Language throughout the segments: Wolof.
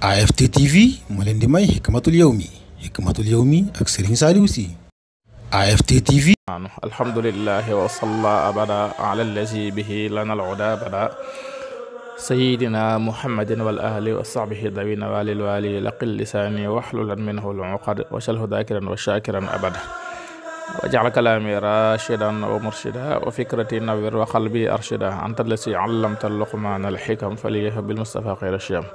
AFT TV moo leen di may Hikmatul Yawmi Hikmatul Yawmi ak Serigne Saliou Sy AFT TV alhamdulilah wa salla abada ala allazi bihi lana al-huda bada sayidina muhammadin wal ahli wa sahbihi dawina walil wali laqil lisani waxlulan minhu al-uqad waj'alhu dhakiran wa shakiran abada waj'al kalami rashidan wa murshida wa fikrati nawwir wa qalbi arshida anta allazi allamta luqmana al-hikam faliyah bil mustafa khayra shiyam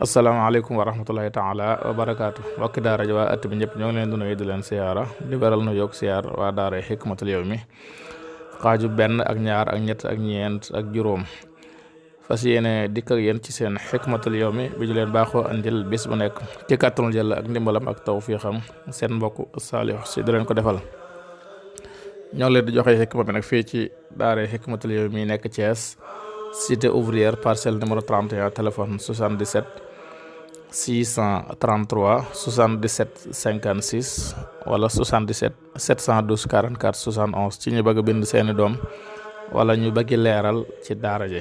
asalaamaaleykum wa rahmatullahi taala wa barakaatu mbokki daara ji waa at bi ñëpp ñoo ngi leen di nuyu di leen siyaara di beral nu yokk siyaar waa daara xikmatul yawmi xaaju benn ak ñaar ak ñett ak ñeent ak juróom fas yéene dikk ak yéen ci seen xikmatul mi bi ñu leen baaxoo andil bis bu nekk ci kàttanul Yàlla ak ndimbalam ak xam seen mbokk Saliou si di leen ko defal ñoo leen di joxe xikma bi nag fii ci daara xikmatul yawmi nekk Thiès cité ouvrière parcelle numéro 31 téléphone 77 633 77 56 wala 77 712 44 71 ci ñu bëgg bind seeni doom wala ñu bëggi leeral ci daara ji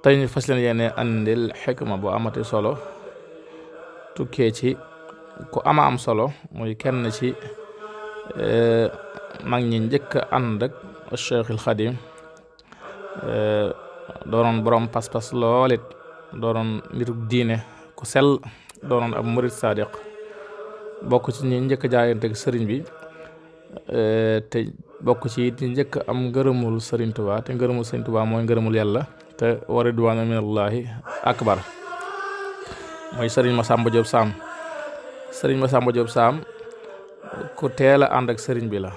tey ñu fas leen yéene andil ma bu amati solo tukkee ci ku ama am solo muy kenn ci eh, mag ñi njëkk ànd ak Cheikhul Xadim eh, doonoon borom pas-pas loolit doonoon mbirub diine ku sel doonoon ab murit sadiq bokk ci ñi njëkk jaayante ak sëriñ bi eh, te bokk ci di njëkk am ngërëmul sëriñ Tuubaa te ngërëmul sëriñ Tuubaa mooy ngërëmul yàlla te wa ridwaanu minallaahi akbar mooy sëriñ Masamba Diop Sam sëriñ Masamba Diop Sam ku teel a ànd ak sëriñ bi la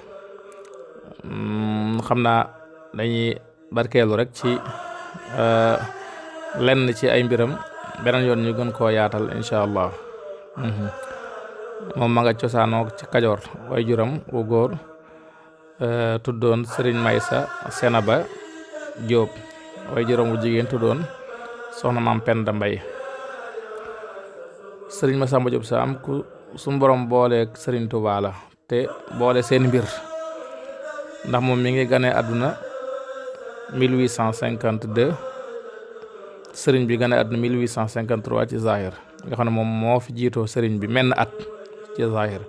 mm, xam naa dañuy barkeelu rek ci eh, lenn ci ay mbiram beneen yoon ñu gën koo yaatal incha allah mhm. moom ma nga cosaanoo ci kajoor way juram wu góor eh, tuddoon sëriñ maysa senaba jóob way juram wu jigéen tuddoon soxna maam penda mbay sëriñ ma jóob sa am ku suñu borom booleeg sëriñ tubaa la te boole seen mbir ndax moom mi ngi ganee àdduna 1852 sëriñ bi mil gane àdduna 1853 ci Zahir nga xam ne moom moo fi jiitoo sëriñ bi menn at ci Zahir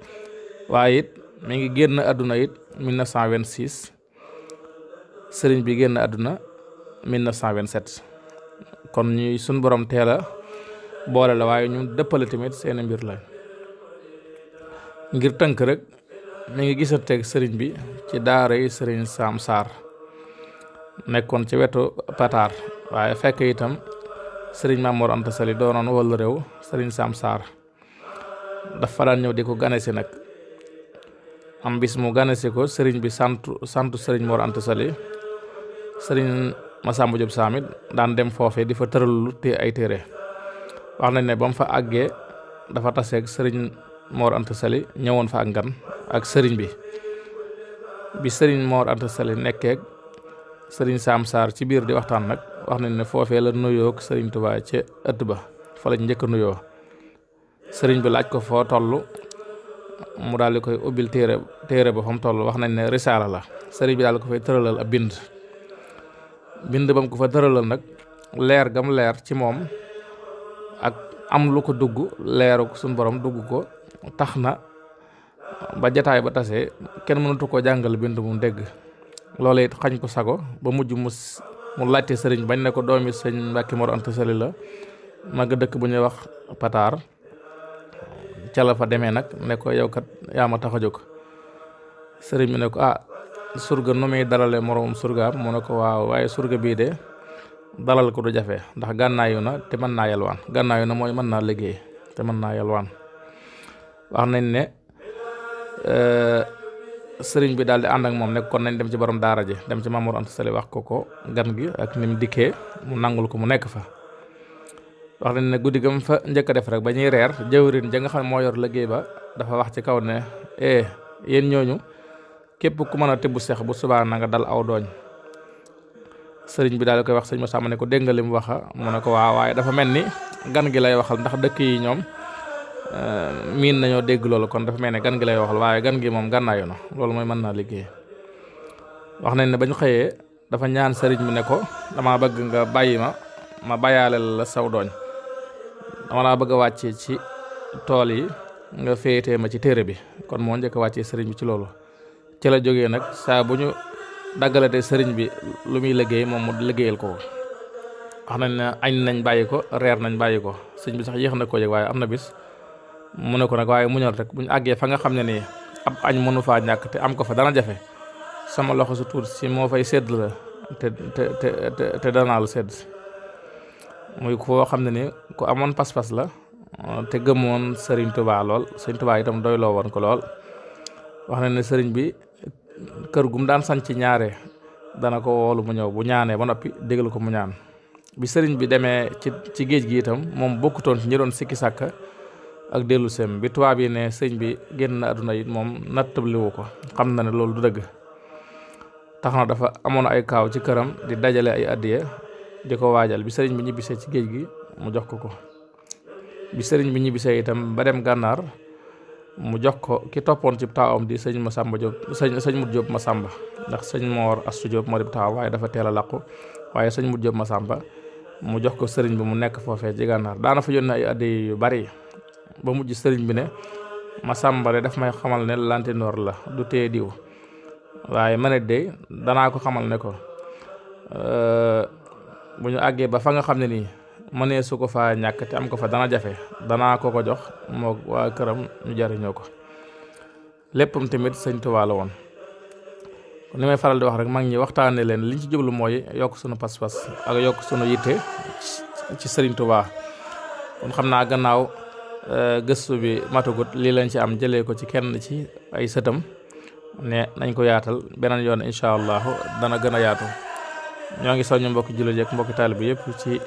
waaye it mi ngi génn àdduna it 1926 sëriñ bi génn àdduna 1927 kon ñuy suñ borom teel a boole la waaye ñu dëppale tamit seeni mbir la ngir tënk rek mi ngi gisanteeg sëriñ bi ci daara yi sëriñ Sam Sarr nekkoon ci wetu Patar waaye fekk itam sëriñ Mamoor Anta Sali doonoon wala réew sëriñ Sam Sarr dafa daan ñëw di ko ganesi nag am bis mu ganesi ko sëriñ bi santu santu sëriñ Mor Anta Sali sëriñ Masamba Diop Samit daan dem foofe di fa tëralu ay téere wax nañ ne ba fa àggee dafa taseeg sëriñ Mor ñëwoon fa ak ngan ak sëriñ bi bi sëriñ Mor Anta Sali sëriñ Sam saar ci biir di waxtaan nag wax nañ ne foofee la nuyoo ak sëriñ Tuubaa ca ëtt ba fa lañ njëkk nuyoo sëriñ bi laaj ko foo toll mu daal di koy ubbil téere téere ba fa mu toll wax nañ ne risaala la sëriñ bi daal ko fay tëralal ab bind bind ba mu ko fa tëralal nag leer gam leer ci moom ak am lu ko dugg leeru suñ borom dugg ko tax na ba jataay ba tase kenn mënatu koo jàngal bind mu dégg loola xañ ko sago ba mujj mu mu laajte sëriñ bañ ne ko doomi sëñ Mbàkke Mor Anta Sali la mag dëkk bu ñuy wax Pataar ca la fa demee nag ne ko yow kat ma tax a jóg sëriñ bi ne ko ah surga nu muy dalale moroomum surgaam mu ne ko waaw waaye surga bii de dalal ko du jafe ndax gànnaayu na te mën naa yalwaan gànnaayu na mooy mën naa liggéey te mën naa yalwaan wax nañ ne euh, sëriñ bi daal di ànd ak moom nekk kon nañ dem ci borom daara ji dem ci Mamour Anta Sali wax ko ko gan gi ak ni mu dikkee mu nangul ko mu nekk fa. wax nañ ne guddi gam fa njëkk def rek ba ñuy reer jëwrin ja nga xam ne moo yor liggéey ba dafa wax ci kaw ne eh yéen ñooñu képp ku mën a tibb seex bu subaa na nga dal aw dooñ. sëriñ bi daal koy wax sëñ Moussa mu ne ko dégg nga li mu wax mu ne ko waaw waaye dafa mel ni gan gi lay waxal ndax dëkk yi ñoom. Euh, miin nañoo dégg loolu kon dafa mel ne gan gi lay waxal waaye gan gi moom gànnaayu na loolu mooy mën naa liggéey wax nañ ne bañ xëyee dafa ñaan sëriñ bi ne ko dama bëgg nga bàyyi ma ma bàyyaale la saw dooñ dama laa bëgg a wàcce ci tool yi nga féetee ma ci téere bi kon moo njëkk a wàccee sëriñ bi ci loolu ci la jóge nag saa bu ñu daggalatee sëriñ bi lu muy liggéey moom mu liggéeyal ko wax nañ ne añ nañ bàyyi ko reer nañ bàyyi ko sëriñ bi sax mu ne ko nag waaye muñal rek bu ñu àggee fa nga xam ne nii ab añ mënu faa ñàkk te am ko fa dana jafe sama loxo su tuut si moo fay sedd la te te te te danaa sedd muy koo xam ne ni ku amoon pas-pas la te gëmoon sëriñ tubaa lool Serigne Touba doy loo woon ko lool wax na ne Serigne bi kër gum daan sañ ci ñaare dana ko woolu mu ñëw bu ñaanee ba noppi déglu ko mu ñaan bi Serigne bi demee ci ci géej gi itam moom bokkutoon ci ñi doon sikki sàkka ak dellu seem bi tubaab yi ne sëñ bi génn na àdduna it moom nattabliwu ko xam na ne loolu du dëgg tax na dafa amoon ay kaaw ci këram di dajale ay addiya di ko waajal bi sëriñ bi ñibbisee ci géej gi mu jox ko ko bi sëriñ bi ñibbisee itam ba dem gànnaar mu jox ko ki toppoon ci taawam di sëñ Masamba Diop sëñ sëñ Mut Diop Masamba ndax sëñ Mor Astu Diop moo di taaw waaye dafa teel a làqu waaye sëñ Mut Diop Masamba mu jox ko sëriñ bi mu nekk foofee ci ba mujj sëriñ bi ne ma sàmbare daf may xamal ne lantinoor la du tee diw waaye ma ne danaa ko xamal ne ko euh, bu ñu àggee ba fa nga xam ne nii mënee su ko fa ñàkk te am ko fa dana jafe danaa ko ko jox moo waa këram ñu jariñoo ko léppam tamit sëñ la woon ni may faral di wax rek mag ñi waxtaanee leen liñ ci jublu mooy yokk sunu pas-pas ak yokk sunu yitte ci sëriñ Tuubaa xam naa gannaaw Euh, gëstu bi matagut lii lañ ci am jëlee ko ci kenn ci ay sëtam ne nañ ko yaatal beneen yoon incha allahu dana gën a yaatu ñoo ngi soññu mbokki jullit yeek mbokki taalibe yëpp ci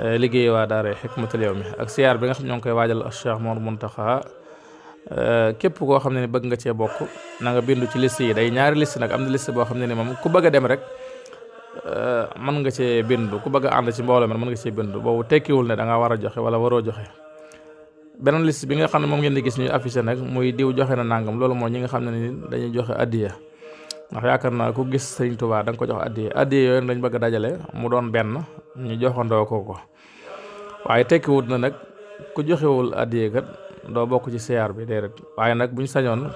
euh, liggéey waa daara Hikmatul mi ak siyaar bi nga xam ñoo ngi koy waajal Cheikh Mor Muntaxa euh, képp koo xam ne ni bëgg nga cee bokk na nga bindu ci list yi day ñaari list nag am na liste boo xam ne ni moom ku bëgg dem rek mën nga cee bindu ku bëgg a ànd ci mbooloo mi mën nga boobu tekkiwul ne da war a joxe wala waroo joxe beneen list bi nga xam ne moom ngeen di gis ñu affiché nag muy diw joxe na nangam loolu mooy ñi nga xam ne ni dañuy joxe addiya ndax yaakaar naa ku gis Sëriñ Tuubaa da nga ko jox addiya addiya lañ bëgg dajale mu doon benn ñu joxandoo ko ko waaye tekkiwut na nag ku joxewul addiya kat bokk ci siyaar bi déedéet waaye nag buñ sañoon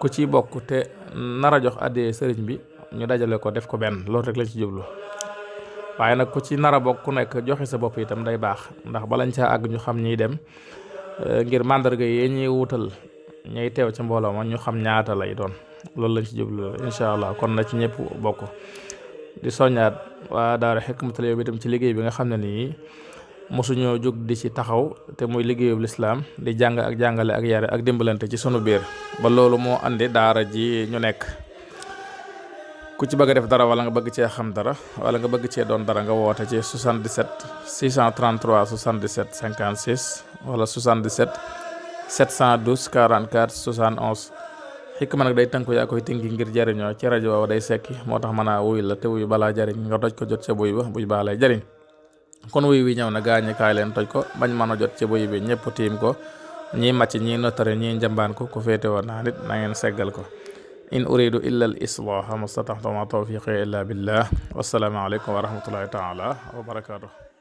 ku ci bokk nar a jox addiya sëriñ bi ñu dajale ko def ko benn loolu rek lañ ci jublu waaye nag ku ci nar a bokk ku joxe sa bopp itam day baax ndax balañ caa àgg ñu xam ñii dem Eh, ngir màndarga yi ñuy wutal ñuy teew ci mbooloo ma ñu xam ñaata lay doon loolu lañ ci jublu incha allah kon na ci ñëpp bokk di soññaat waa daara Hikmatul Yawmi itam ci liggéey bi nga xam ne nii mosuñoo jóg di ci taxaw te muy liggéeyub lislaam di jàng ak jàngale ak yare ak dimbalante ci sunu biir ba loolu moo andi daara ji ñu nekk ku ci bëgg a def dara wala nga bëgg cee xam dara wala nga bëgg cee doon dara nga woote ci 77 633 77 56 wala 77 712 44 71 ma nag day tënku yaa koy tënki ngir jariñoo ci rajo waaw day sekki moo tax mën a wuy la te wuy balaa jariñ nga toj ko jot ca buy ba buy baa lay jariñ kon wuy wi ñaw na gaañi kaay leen toj ko bañ mën a jot ci buy bi ñëpp tiim ko ñii màcc ñii notari ñii njambaan ko ku féete woon naa nit na ngeen seggal ko in uridu illa al islaha mastataxtama tawfiqi illa billah wassalaamu aleykum wa rahmatullahi taala wa barakatuh